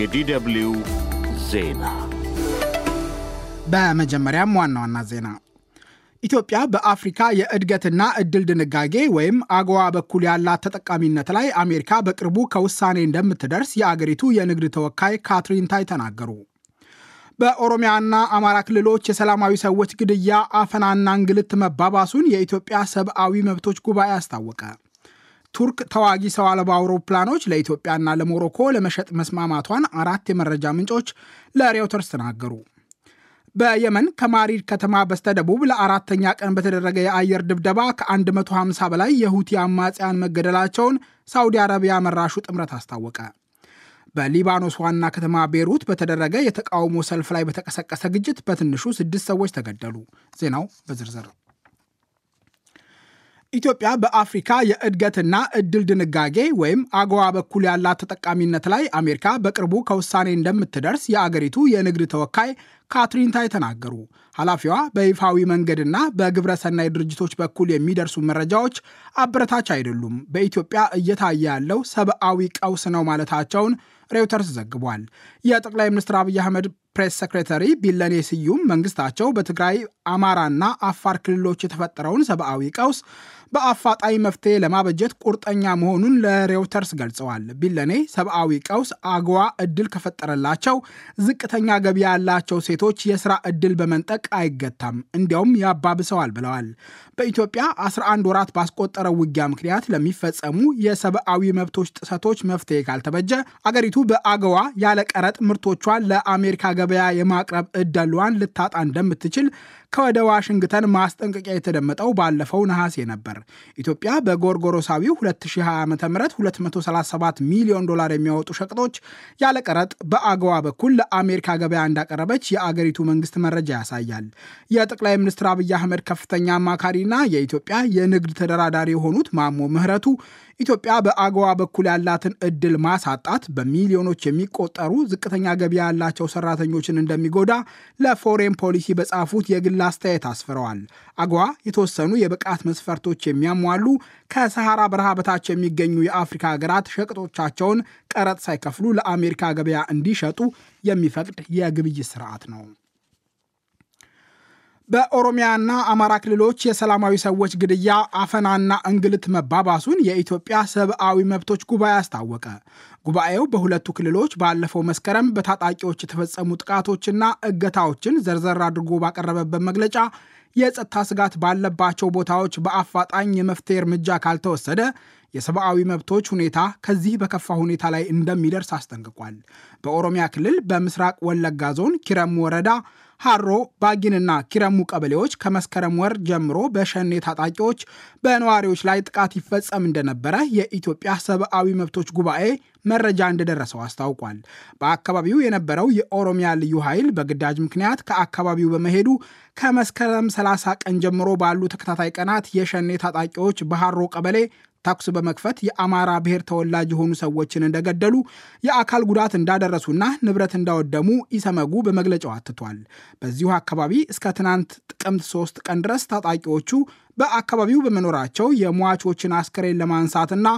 የዲደብሊው ዜና በመጀመሪያም ዋና ዋና ዜና ኢትዮጵያ በአፍሪካ የእድገትና እድል ድንጋጌ ወይም አገዋ በኩል ያላት ተጠቃሚነት ላይ አሜሪካ በቅርቡ ከውሳኔ እንደምትደርስ የአገሪቱ የንግድ ተወካይ ካትሪን ታይ ተናገሩ። በኦሮሚያና አማራ ክልሎች የሰላማዊ ሰዎች ግድያ፣ አፈናና እንግልት መባባሱን የኢትዮጵያ ሰብአዊ መብቶች ጉባኤ አስታወቀ። ቱርክ ተዋጊ ሰው አልባ አውሮፕላኖች ለኢትዮጵያና ለሞሮኮ ለመሸጥ መስማማቷን አራት የመረጃ ምንጮች ለሬውተርስ ተናገሩ። በየመን ከማሪድ ከተማ በስተደቡብ ለአራተኛ ቀን በተደረገ የአየር ድብደባ ከ150 በላይ የሁቲ አማጽያን መገደላቸውን ሳውዲ አረቢያ መራሹ ጥምረት አስታወቀ። በሊባኖስ ዋና ከተማ ቤሩት በተደረገ የተቃውሞ ሰልፍ ላይ በተቀሰቀሰ ግጭት በትንሹ ስድስት ሰዎች ተገደሉ። ዜናው በዝርዝር ኢትዮጵያ በአፍሪካ የእድገትና እድል ድንጋጌ ወይም አገዋ በኩል ያላት ተጠቃሚነት ላይ አሜሪካ በቅርቡ ከውሳኔ እንደምትደርስ የአገሪቱ የንግድ ተወካይ ካትሪን ታይ ተናገሩ። ኃላፊዋ በይፋዊ መንገድና በግብረ ሰናይ ድርጅቶች በኩል የሚደርሱ መረጃዎች አበረታች አይደሉም፣ በኢትዮጵያ እየታየ ያለው ሰብአዊ ቀውስ ነው ማለታቸውን ሬውተርስ ዘግቧል። የጠቅላይ ሚኒስትር አብይ አህመድ ፕሬስ ሴክሬታሪ ቢለኔ ስዩም መንግስታቸው በትግራይ አማራና አፋር ክልሎች የተፈጠረውን ሰብአዊ ቀውስ በአፋጣኝ መፍትሄ ለማበጀት ቁርጠኛ መሆኑን ለሬውተርስ ገልጸዋል። ቢለኔ ሰብአዊ ቀውስ አግዋ እድል ከፈጠረላቸው ዝቅተኛ ገቢ ያላቸው ሴቶች የስራ እድል በመንጠቅ አይገታም፣ እንዲያውም ያባብሰዋል ብለዋል። በኢትዮጵያ 11 ወራት ባስቆጠረው ውጊያ ምክንያት ለሚፈጸሙ የሰብአዊ መብቶች ጥሰቶች መፍትሄ ካልተበጀ አገሪቱ በአገዋ ያለ ቀረጥ ምርቶቿን ለአሜሪካ ገበያ የማቅረብ እድሏን ልታጣ እንደምትችል ከወደ ዋሽንግተን ማስጠንቀቂያ የተደመጠው ባለፈው ነሐሴ ነበር። ኢትዮጵያ በጎርጎሮሳዊው 2020 ዓ ም 237 ሚሊዮን ዶላር የሚያወጡ ሸቀጦች ያለቀረጥ በአገዋ በኩል ለአሜሪካ ገበያ እንዳቀረበች የአገሪቱ መንግስት መረጃ ያሳያል። የጠቅላይ ሚኒስትር አብይ አህመድ ከፍተኛ አማካሪና የኢትዮጵያ የንግድ ተደራዳሪ የሆኑት ማሞ ምህረቱ ኢትዮጵያ በአገዋ በኩል ያላትን እድል ማሳጣት በሚሊዮኖች የሚቆጠሩ ዝቅተኛ ገቢ ያላቸው ሰራተኞችን እንደሚጎዳ ለፎሬን ፖሊሲ በጻፉት የግል አስተያየት አስፍረዋል። አገዋ የተወሰኑ የብቃት መስፈርቶች የሚያሟሉ ከሰሐራ በረሃ በታች የሚገኙ የአፍሪካ ሀገራት ሸቀጦቻቸውን ቀረጥ ሳይከፍሉ ለአሜሪካ ገበያ እንዲሸጡ የሚፈቅድ የግብይት ስርዓት ነው። በኦሮሚያና አማራ ክልሎች የሰላማዊ ሰዎች ግድያ፣ አፈናና እንግልት መባባሱን የኢትዮጵያ ሰብአዊ መብቶች ጉባኤ አስታወቀ። ጉባኤው በሁለቱ ክልሎች ባለፈው መስከረም በታጣቂዎች የተፈጸሙ ጥቃቶችና እገታዎችን ዘርዘር አድርጎ ባቀረበበት መግለጫ የጸጥታ ስጋት ባለባቸው ቦታዎች በአፋጣኝ የመፍትሄ እርምጃ ካልተወሰደ የሰብአዊ መብቶች ሁኔታ ከዚህ በከፋ ሁኔታ ላይ እንደሚደርስ አስጠንቅቋል። በኦሮሚያ ክልል በምስራቅ ወለጋ ዞን ኪረም ወረዳ ሀሮ ባጊንና ኪረሙ ቀበሌዎች ከመስከረም ወር ጀምሮ በሸኔ ታጣቂዎች በነዋሪዎች ላይ ጥቃት ይፈጸም እንደነበረ የኢትዮጵያ ሰብአዊ መብቶች ጉባኤ መረጃ እንደደረሰው አስታውቋል። በአካባቢው የነበረው የኦሮሚያ ልዩ ኃይል በግዳጅ ምክንያት ከአካባቢው በመሄዱ ከመስከረም 30 ቀን ጀምሮ ባሉ ተከታታይ ቀናት የሸኔ ታጣቂዎች በሀሮ ቀበሌ ተኩስ በመክፈት የአማራ ብሔር ተወላጅ የሆኑ ሰዎችን እንደገደሉ፣ የአካል ጉዳት እንዳደረሱና ንብረት እንዳወደሙ ኢሰመጉ በመግለጫው አትቷል። በዚሁ አካባቢ እስከ ትናንት ጥቅምት 3 ቀን ድረስ ታጣቂዎቹ በአካባቢው በመኖራቸው የሟቾችን አስከሬን ለማንሳትና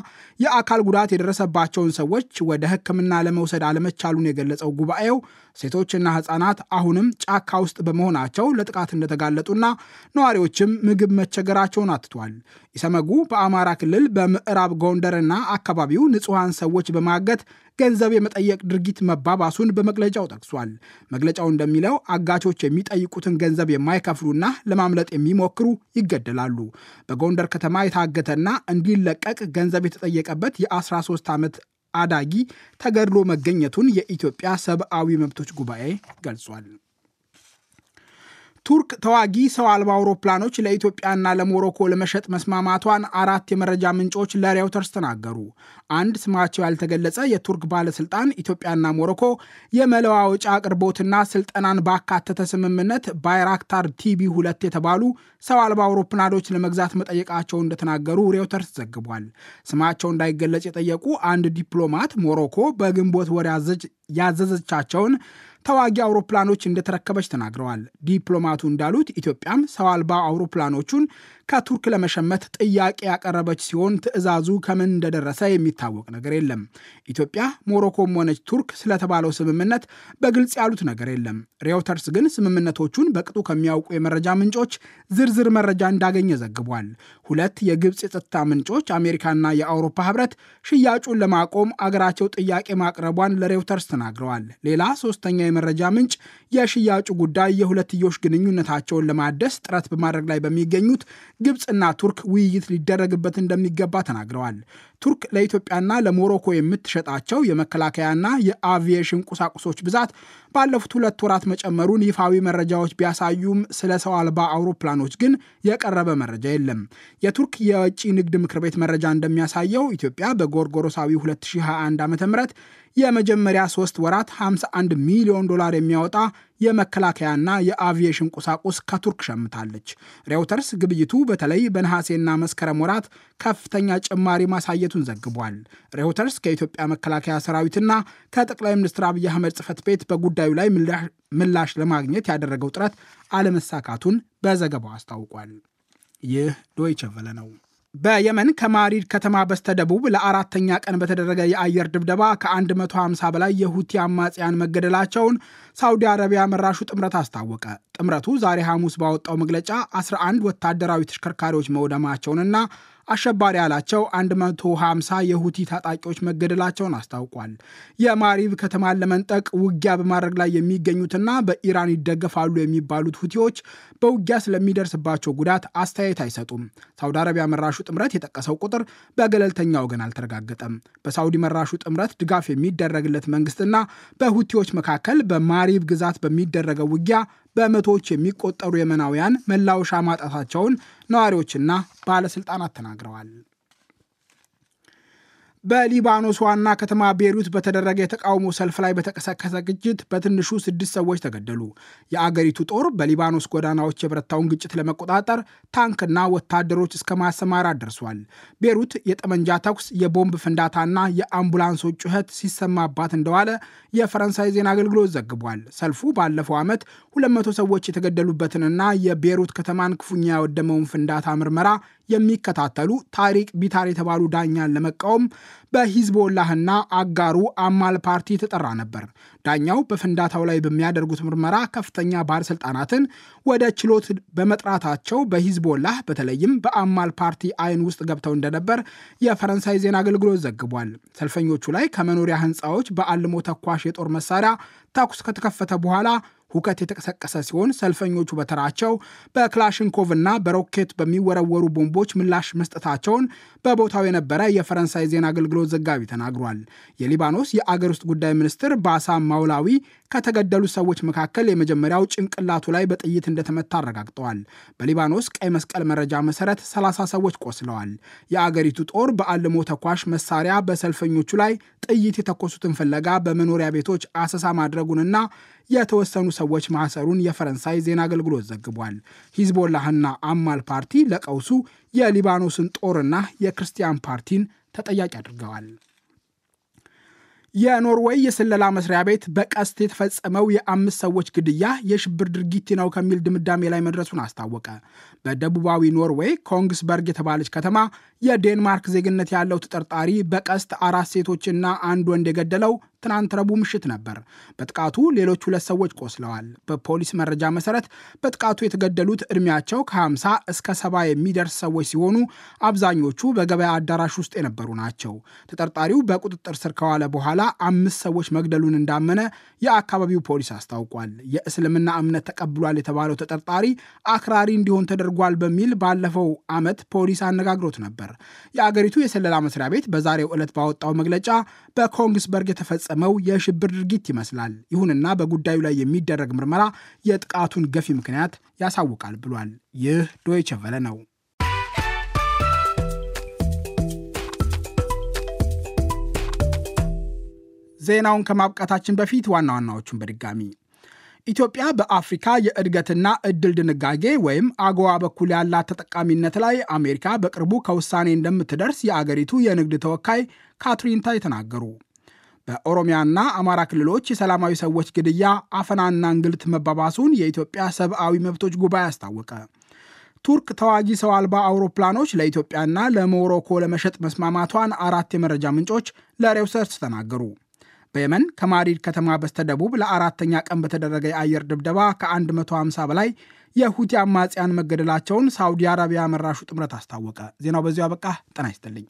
የአካል ጉዳት የደረሰባቸውን ሰዎች ወደ ሕክምና ለመውሰድ አለመቻሉን የገለጸው ጉባኤው ሴቶችና ሕጻናት አሁንም ጫካ ውስጥ በመሆናቸው ለጥቃት እንደተጋለጡና ነዋሪዎችም ምግብ መቸገራቸውን አትቷል። ኢሰመጉ በአማራ ክልል በምዕራብ ጎንደርና አካባቢው ንጹሐን ሰዎች በማገት ገንዘብ የመጠየቅ ድርጊት መባባሱን በመግለጫው ጠቅሷል። መግለጫው እንደሚለው አጋቾች የሚጠይቁትን ገንዘብ የማይከፍሉና ለማምለጥ የሚሞክሩ ይገደላል ይላሉ። በጎንደር ከተማ የታገተና እንዲለቀቅ ገንዘብ የተጠየቀበት የ13 ዓመት አዳጊ ተገድሎ መገኘቱን የኢትዮጵያ ሰብአዊ መብቶች ጉባኤ ገልጿል። ቱርክ ተዋጊ ሰው አልባ አውሮፕላኖች ለኢትዮጵያና ለሞሮኮ ለመሸጥ መስማማቷን አራት የመረጃ ምንጮች ለሬውተርስ ተናገሩ። አንድ ስማቸው ያልተገለጸ የቱርክ ባለስልጣን ኢትዮጵያና ሞሮኮ የመለዋወጫ አቅርቦትና ስልጠናን ባካተተ ስምምነት ባይራክታር ቲቪ ሁለት የተባሉ ሰው አልባ አውሮፕላኖች ለመግዛት መጠየቃቸው እንደተናገሩ ሬውተርስ ዘግቧል። ስማቸው እንዳይገለጽ የጠየቁ አንድ ዲፕሎማት ሞሮኮ በግንቦት ወር ያዘዘቻቸውን ተዋጊ አውሮፕላኖች እንደተረከበች ተናግረዋል። ዲፕሎማቱ እንዳሉት ኢትዮጵያም ሰው አልባ አውሮፕላኖቹን ከቱርክ ለመሸመት ጥያቄ ያቀረበች ሲሆን ትዕዛዙ ከምን እንደደረሰ የሚታወቅ ነገር የለም። ኢትዮጵያ፣ ሞሮኮም ሆነች ቱርክ ስለተባለው ስምምነት በግልጽ ያሉት ነገር የለም። ሬውተርስ ግን ስምምነቶቹን በቅጡ ከሚያውቁ የመረጃ ምንጮች ዝርዝር መረጃ እንዳገኘ ዘግቧል። ሁለት የግብፅ የጸጥታ ምንጮች አሜሪካና የአውሮፓ ህብረት ሽያጩን ለማቆም አገራቸው ጥያቄ ማቅረቧን ለሬውተርስ ተናግረዋል። ሌላ ሶስተኛ የመረጃ ምንጭ የሽያጩ ጉዳይ የሁለትዮሽ ግንኙነታቸውን ለማደስ ጥረት በማድረግ ላይ በሚገኙት ግብፅና ቱርክ ውይይት ሊደረግበት እንደሚገባ ተናግረዋል። ቱርክ ለኢትዮጵያና ለሞሮኮ የምትሸጣቸው የመከላከያና የአቪዬሽን ቁሳቁሶች ብዛት ባለፉት ሁለት ወራት መጨመሩን ይፋዊ መረጃዎች ቢያሳዩም ስለ ሰው አልባ አውሮፕላኖች ግን የቀረበ መረጃ የለም። የቱርክ የውጭ ንግድ ምክር ቤት መረጃ እንደሚያሳየው ኢትዮጵያ በጎርጎሮሳዊ 2021 ዓ ም የመጀመሪያ ሶስት ወራት 51 ሚሊዮን ዶላር የሚያወጣ የመከላከያና የአቪዬሽን ቁሳቁስ ከቱርክ ሸምታለች። ሬውተርስ ግብይቱ በተለይ በነሐሴና መስከረም ወራት ከፍተኛ ጭማሪ ማሳየቱን ዘግቧል። ሬውተርስ ከኢትዮጵያ መከላከያ ሰራዊትና ከጠቅላይ ሚኒስትር አብይ አህመድ ጽህፈት ቤት በጉዳዩ ላይ ምላሽ ለማግኘት ያደረገው ጥረት አለመሳካቱን በዘገባው አስታውቋል። ይህ ዶይቸ ቨለ ነው። በየመን ከማሪድ ከተማ በስተደቡብ ለአራተኛ ቀን በተደረገ የአየር ድብደባ ከ150 በላይ የሁቲ አማጽያን መገደላቸውን ሳውዲ አረቢያ መራሹ ጥምረት አስታወቀ። ጥምረቱ ዛሬ ሐሙስ ባወጣው መግለጫ 11 ወታደራዊ ተሽከርካሪዎች መውደማቸውንና አሸባሪ ያላቸው 150 የሁቲ ታጣቂዎች መገደላቸውን አስታውቋል። የማሪብ ከተማን ለመንጠቅ ውጊያ በማድረግ ላይ የሚገኙትና በኢራን ይደገፋሉ የሚባሉት ሁቲዎች በውጊያ ስለሚደርስባቸው ጉዳት አስተያየት አይሰጡም። ሳውዲ አረቢያ መራሹ ጥምረት የጠቀሰው ቁጥር በገለልተኛ ወገን አልተረጋገጠም። በሳውዲ መራሹ ጥምረት ድጋፍ የሚደረግለት መንግስትና በሁቲዎች መካከል በማሪብ ግዛት በሚደረገው ውጊያ በመቶዎች የሚቆጠሩ የመናውያን መላወሻ ማጣታቸውን ነዋሪዎችና ባለስልጣናት ተናግረዋል። በሊባኖስ ዋና ከተማ ቤሩት በተደረገ የተቃውሞ ሰልፍ ላይ በተቀሰቀሰ ግጭት በትንሹ ስድስት ሰዎች ተገደሉ። የአገሪቱ ጦር በሊባኖስ ጎዳናዎች የበረታውን ግጭት ለመቆጣጠር ታንክና ወታደሮች እስከ ማሰማራት ደርሷል። ቤሩት የጠመንጃ ተኩስ፣ የቦምብ ፍንዳታና የአምቡላንሶች ጩኸት ሲሰማባት እንደዋለ የፈረንሳይ ዜና አገልግሎት ዘግቧል። ሰልፉ ባለፈው ዓመት 200 ሰዎች የተገደሉበትንና የቤሩት ከተማን ክፉኛ ያወደመውን ፍንዳታ ምርመራ የሚከታተሉ ታሪክ ቢታር የተባሉ ዳኛን ለመቃወም በሂዝቦላህና አጋሩ አማል ፓርቲ ተጠራ ነበር። ዳኛው በፍንዳታው ላይ በሚያደርጉት ምርመራ ከፍተኛ ባለስልጣናትን ወደ ችሎት በመጥራታቸው በሂዝቦላህ በተለይም በአማል ፓርቲ አይን ውስጥ ገብተው እንደነበር የፈረንሳይ ዜና አገልግሎት ዘግቧል። ሰልፈኞቹ ላይ ከመኖሪያ ህንፃዎች በአልሞ ተኳሽ የጦር መሳሪያ ተኩስ ከተከፈተ በኋላ ሁከት የተቀሰቀሰ ሲሆን ሰልፈኞቹ በተራቸው በክላሽንኮቭ እና በሮኬት በሚወረወሩ ቦምቦች ምላሽ መስጠታቸውን በቦታው የነበረ የፈረንሳይ ዜና አገልግሎት ዘጋቢ ተናግሯል። የሊባኖስ የአገር ውስጥ ጉዳይ ሚኒስትር ባሳ ማውላዊ ከተገደሉ ሰዎች መካከል የመጀመሪያው ጭንቅላቱ ላይ በጥይት እንደተመታ አረጋግጠዋል። በሊባኖስ ቀይ መስቀል መረጃ መሰረት 30 ሰዎች ቆስለዋል። የአገሪቱ ጦር በአልሞ ተኳሽ መሳሪያ በሰልፈኞቹ ላይ ጥይት የተኮሱትን ፍለጋ በመኖሪያ ቤቶች አሰሳ ማድረጉንና የተወሰኑ ሰዎች ማሰሩን የፈረንሳይ ዜና አገልግሎት ዘግቧል። ሂዝቦላህና አማል ፓርቲ ለቀውሱ የሊባኖስን ጦርና የክርስቲያን ፓርቲን ተጠያቂ አድርገዋል። የኖርዌይ የስለላ መስሪያ ቤት በቀስት የተፈጸመው የአምስት ሰዎች ግድያ የሽብር ድርጊት ነው ከሚል ድምዳሜ ላይ መድረሱን አስታወቀ። በደቡባዊ ኖርዌይ ኮንግስበርግ የተባለች ከተማ የዴንማርክ ዜግነት ያለው ተጠርጣሪ በቀስት አራት ሴቶችና አንድ ወንድ የገደለው ትናንት ረቡዕ ምሽት ነበር። በጥቃቱ ሌሎች ሁለት ሰዎች ቆስለዋል። በፖሊስ መረጃ መሰረት በጥቃቱ የተገደሉት ዕድሜያቸው ከ50 እስከ ሰባ የሚደርስ ሰዎች ሲሆኑ አብዛኞቹ በገበያ አዳራሽ ውስጥ የነበሩ ናቸው። ተጠርጣሪው በቁጥጥር ስር ከዋለ በኋላ አምስት ሰዎች መግደሉን እንዳመነ የአካባቢው ፖሊስ አስታውቋል። የእስልምና እምነት ተቀብሏል የተባለው ተጠርጣሪ አክራሪ እንዲሆን ተደርጓል በሚል ባለፈው ዓመት ፖሊስ አነጋግሮት ነበር። የአገሪቱ የስለላ መስሪያ ቤት በዛሬው ዕለት ባወጣው መግለጫ በኮንግስበርግ የተፈጸመው የሽብር ድርጊት ይመስላል፣ ይሁንና በጉዳዩ ላይ የሚደረግ ምርመራ የጥቃቱን ገፊ ምክንያት ያሳውቃል ብሏል። ይህ ዶይቸ ቨለ ነው። ዜናውን ከማብቃታችን በፊት ዋና ዋናዎቹን በድጋሚ ኢትዮጵያ በአፍሪካ የእድገትና እድል ድንጋጌ ወይም አጎዋ በኩል ያላት ተጠቃሚነት ላይ አሜሪካ በቅርቡ ከውሳኔ እንደምትደርስ የአገሪቱ የንግድ ተወካይ ካትሪን ታይ ተናገሩ። በኦሮሚያና አማራ ክልሎች የሰላማዊ ሰዎች ግድያ፣ አፈናና እንግልት መባባሱን የኢትዮጵያ ሰብአዊ መብቶች ጉባኤ አስታወቀ። ቱርክ ተዋጊ ሰው አልባ አውሮፕላኖች ለኢትዮጵያና ለሞሮኮ ለመሸጥ መስማማቷን አራት የመረጃ ምንጮች ለሬውሰርስ ተናገሩ። በየመን ከማሪድ ከተማ በስተደቡብ ለአራተኛ ቀን በተደረገ የአየር ድብደባ ከ150 በላይ የሁቲ አማጽያን መገደላቸውን ሳውዲ አረቢያ መራሹ ጥምረት አስታወቀ። ዜናው በዚሁ አበቃ። ጤና ይስጥልኝ።